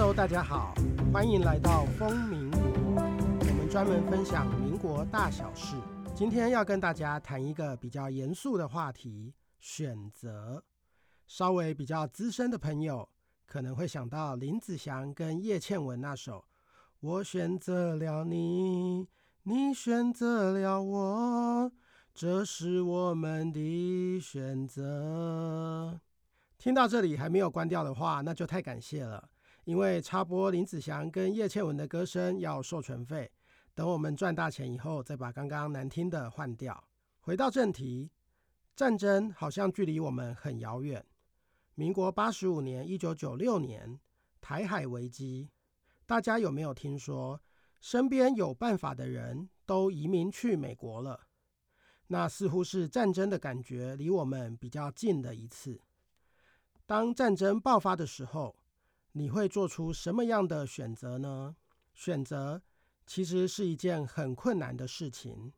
Hello，大家好，歡迎來到瘋民國。我們專門分享民國大小事。今天要跟大家談一個比較嚴肅的話題——選擇。稍微比較資深的朋友可能會想到林子祥跟葉倩文那首《我選擇了你》，你選擇了我，這是我們的選擇。聽到這裡還沒有關掉的話，那就太感謝了。因為插播林子祥跟葉倩文的歌聲要授權費，等我們賺大錢以後再把剛剛難聽的換掉。回到正題，戰爭好像距離我們很遙遠。民國八十五年，一九九六年，台海危機，大家有沒有聽說？身邊有辦法的人都移民去美國了。那似乎是戰爭的感覺離我們比較近的一次。當戰爭爆發的時候，你會做出什麼樣的選擇呢？選擇其實是一件很困難的事情。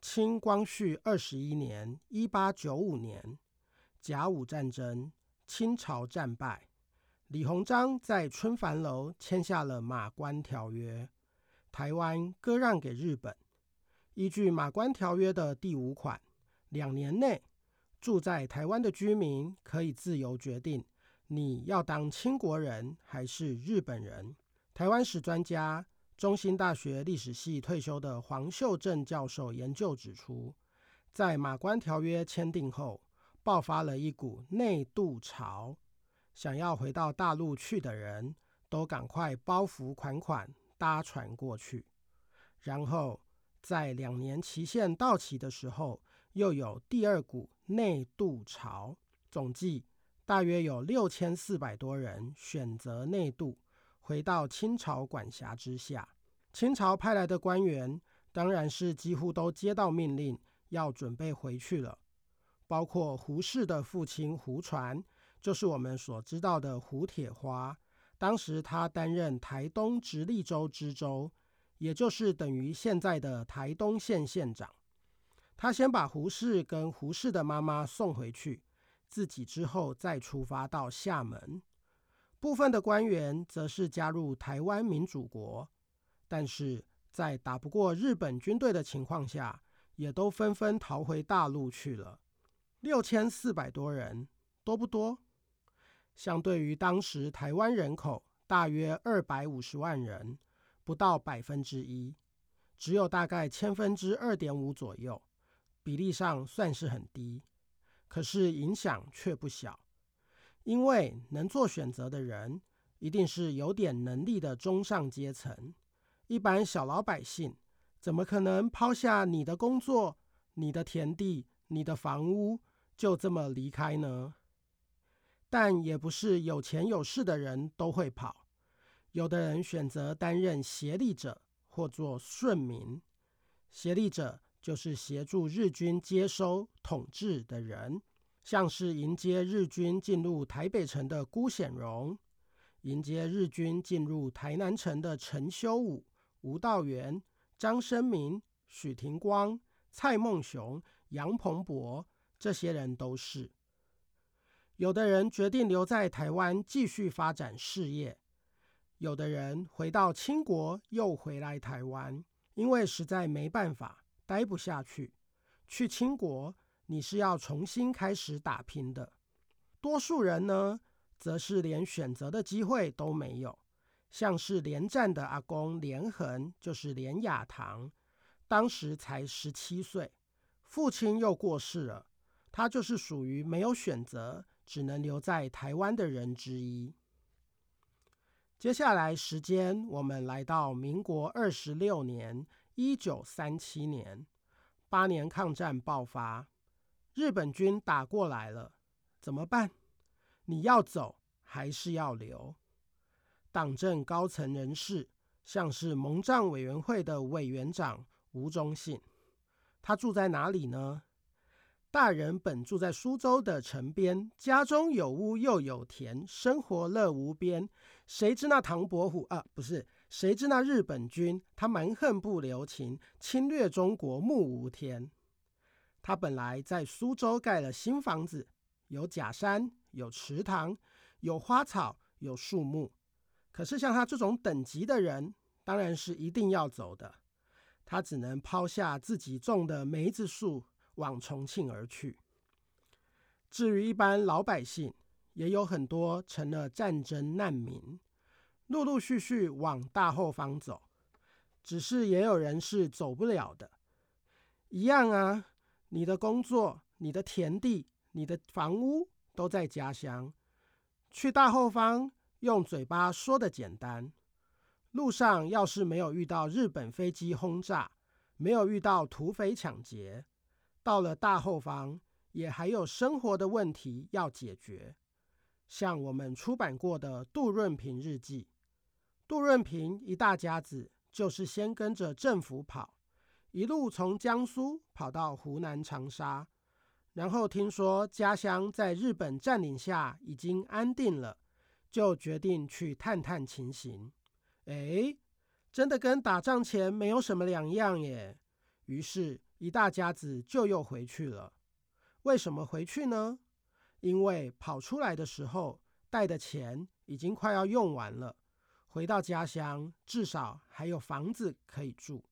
清光緒二十一年一八九五年），甲午戰爭，清朝戰敗，李鴻章在春帆樓簽下了《馬關條約》，台灣割讓給日本。依據《馬關條約》的第五款，兩年內，住在台灣的居民可以自由決定。你要當清國人還是日本人？台灣史專家、中興大學歷史系退休的黃秀政教授研究指出，在馬關條約簽訂後，爆發了一股內渡潮，想要回到大陸去的人都趕快包袱款款搭船過去，然後在兩年期限到期的時候，又有第二股內渡潮，總計，大約有六千四百多人選擇內渡，回到清朝管轄之下。清朝派來的官員當然是幾乎都接到命令，要準備回去了。包括胡適的父親胡傳，就是我們所知道的胡鐵花。當時他擔任台東直隸州知州，也就是等於現在的台東縣縣長。他先把胡適跟胡適的媽媽送回去。自己之後再出發到廈門，部分的官員則是加入台灣民主國，但是在打不過日本軍隊的情況下，也都紛紛逃回大陸去了。六千四百多人，多不多？相對於當時台灣人口大約二百五十萬人，不到百分之一，只有大概千分之二點五左右，比例上算是很低。可是影響卻不小，因為能做選擇的人一定是有點能力的中上階層，一般小老百姓怎麼可能拋下你的工作、你的田地、你的房屋就這麼離開呢？但也不是有錢有勢的人都會跑，有的人選擇擔任協力者或做順民，協力者，就是協助日軍接收統治的人，像是迎接日軍進入台北城的辜顯榮，迎接日軍進入台南城的陳修武、吳道源、張升明、許廷光、蔡夢熊、楊蓬勃，這些人都是。有的人決定留在台灣繼續發展事業，有的人回到清國又回來台灣，因為實在沒辦法。待不下去，去清國，你是要重新開始打拼的。多數人呢，則是連選擇的機會都沒有。像是連戰的阿公連橫，就是連雅堂，當時才十七歲，父親又過世了，他就是屬於沒有選擇，只能留在台灣的人之一。接下來時間，我們來到民國二十六年。一九三七年，八年抗戰爆發，日本軍打過來了，怎麼辦？你要走還是要留？黨政高層人士，像是蒙藏委員會的委員長吳忠信，他住在哪裡呢？大人本住在蘇州的城邊，家中有屋又有田，生活樂無邊。誰知那唐伯虎啊，呃，不是。誰知那日本軍，他蠻橫不留情，侵略中國目無天。他本來在蘇州蓋了新房子，有假山，有池塘，有花草，有樹木。可是像他這種等級的人，當然是一定要走的。他只能拋下自己種的梅子樹，往重慶而去。至於一般老百姓，也有很多成了戰爭難民。陸陸續續往大後方走，只是也有人是走不了的。一樣啊，你的工作、你的田地、你的房屋都在家鄉。去大後方，用嘴巴說得簡單。路上要是沒有遇到日本飛機轟炸，沒有遇到土匪搶劫，到了大後方，也還有生活的問題要解決。像我們出版過的《杜潤枰日記》。杜潤枰一大家子就是先跟着政府跑，一路從江蘇跑到湖南長沙，然後聽說家鄉在日本占領下已經安定了，就決定去探探情形。哎，真的跟打仗前沒有什麼兩樣耶。於是，一大家子就又回去了。為什麼回去呢？因為跑出來的時候帶的錢已經快要用完了。回到家鄉，至少還有房子可以住。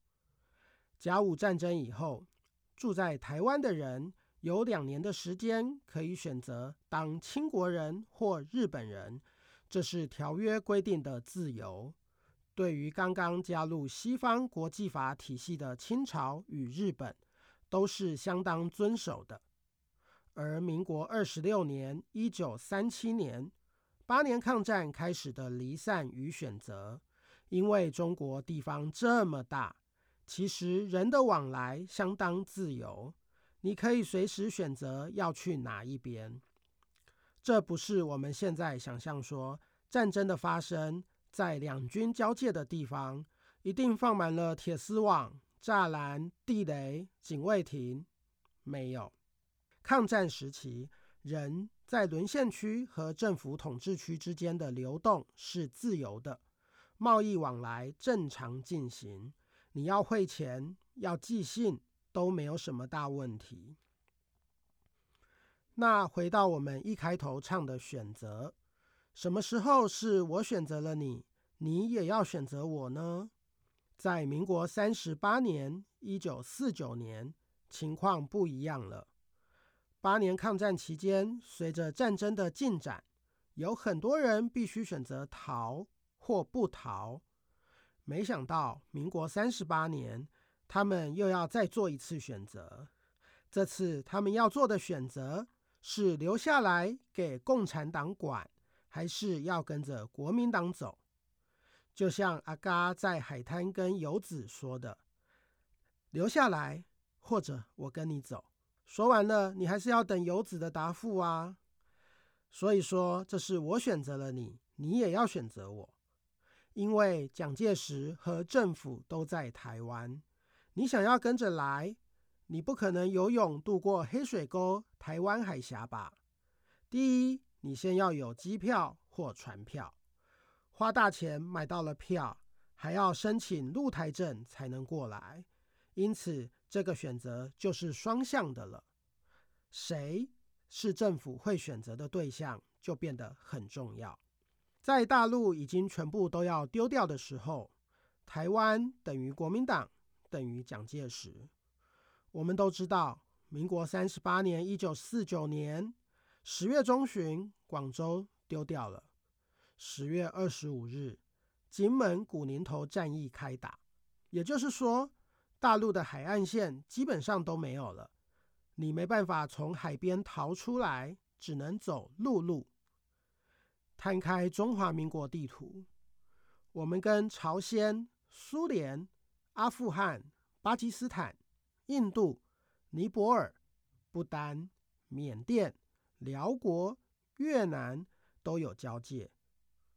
甲午戰爭以後，住在台灣的人有兩年的時間可以選擇當清國人或日本人，這是條約規定的自由。對於剛剛加入西方國際法體系的清朝與日本，都是相當遵守的。而民國二十六年，一九三七年，八年抗戰開始的離散與選擇，因為中國地方這麼大，其實人的往來相當自由，你可以隨時選擇要去哪一邊。這不是我們現在想象說戰爭的發生在兩軍交界的地方，一定放滿了鐵絲網、柵欄、地雷、警衛亭，沒有。抗戰時期，人。在淪陷區和政府統治區之間的流動是自由的，貿易往來正常進行。你要匯錢、要寄信都沒有什麼大問題。那回到我們一開頭唱的選擇，什麼時候是我選擇了你，你也要選擇我呢？在民國三十八年，一九四九年，情況不一樣了。八年抗戰期間，隨着戰爭的進展，有很多人必須選擇逃或不逃。沒想到，民國三十八年，他們又要再做一次選擇。這次他們要做的選擇是留下來給共產黨管，還是要跟着國民黨走？就像阿嘎在海灘跟游子說的：“留下來，或者我跟你走。”說完了，你還是要等游子的答復啊。所以說，這是我選擇了你，你也要選擇我。因為蔣介石和政府都在台灣，你想要跟着來，你不可能游泳渡過黑水溝台灣海峽吧？第一，你先要有機票或船票，花大錢買到了票，還要申請入台證才能過來。因此，這個選擇就是雙向的了，誰是政府會選擇的對象，就變得很重要。在大陸已經全部都要丟掉的時候，台灣等於國民黨等於蔣介石。我們都知道，民國三十八年（一九四九年）十月中旬，廣州丟掉了。十月二十五日，金門古寧頭戰役開打，也就是說。大陸的海岸線基本上都沒有了，你沒辦法從海邊逃出來，只能走陸路。攤開中華民國地圖，我們跟朝鮮、蘇聯、阿富汗、巴基斯坦、印度、尼泊爾、不丹、緬甸、寮國、越南都有交界。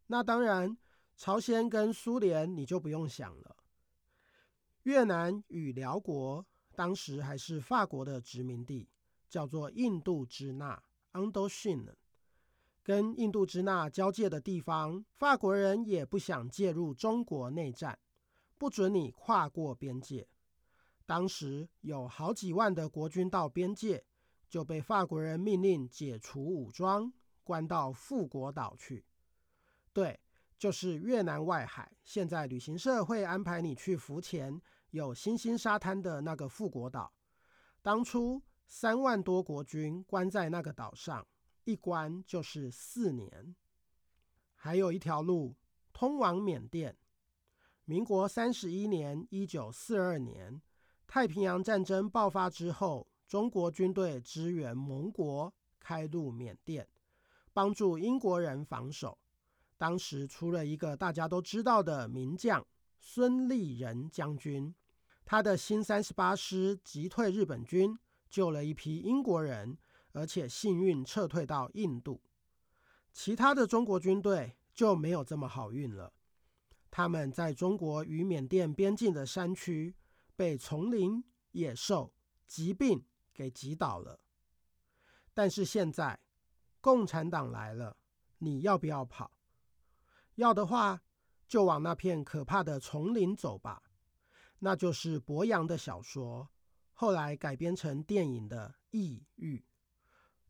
那當然，朝鮮跟蘇聯你就不用想了。越南與遼國當時還是法國的殖民地，叫做印度支那，Indochina。跟印度支那交界的地方，法國人也不想介入中國內戰，不准你跨過邊界。當時有好幾萬的國軍到邊界，就被法國人命令解除武裝，關到富國島去。對，就是越南外海。現在旅行社會安排你去浮潛。有星星沙灘的那個富國島，當初三萬多國軍關在那個島上，一關就是四年。還有一條路通往緬甸。民國三十一年（一九四二年），太平洋戰爭爆發之後，中國軍隊支援盟國開入緬甸，幫助英國人防守。當時出了一個大家都知道的名將——孫立人將軍。他的新三十八師擊退日本軍，救了一批英國人，而且幸運撤退到印度。其他的中國軍隊就沒有這麼好運了。他們在中國與緬甸邊境的山區被叢林、野獸、疾病給擊倒了。但是現在共產黨來了，你要不要跑？要的話，就往那片可怕的叢林走吧。那就是柏楊的小說，後來改編成電影的《異域》，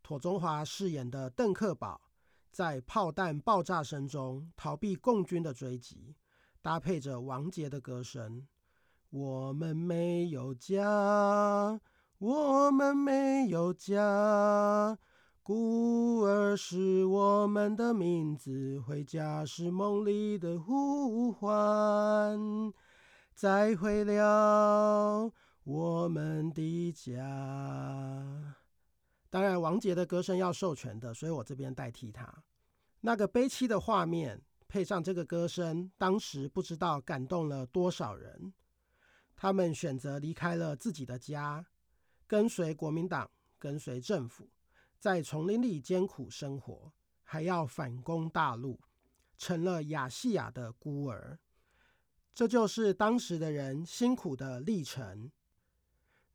庹宗華飾演的鄧克保在炮彈爆炸聲中逃避共軍的追擊，搭配着王杰的歌聲：“我們沒有家，我們沒有家，孤兒是我們的名字，回家是夢裡的呼喚。”再會了，我們的家。當然，王杰的歌聲要授權的，所以我這邊代替他。那個悲淒的畫面配上這個歌聲，當時不知道感動了多少人。他們選擇離開了自己的家，跟隨國民黨，跟隨政府，在叢林裡艱苦生活，還要反攻大陸，成了亞細亞的孤兒。這就是當時的人辛苦的歷程。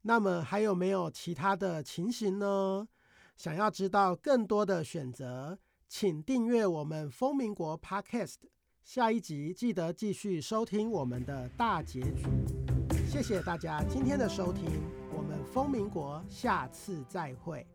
那麼還有沒有其他的情形呢？想要知道更多的選擇，請訂閱我們《瘋民國》Podcast。下一集記得繼續收聽我們的大結局。謝謝大家今天的收聽，我們瘋民國下次再會。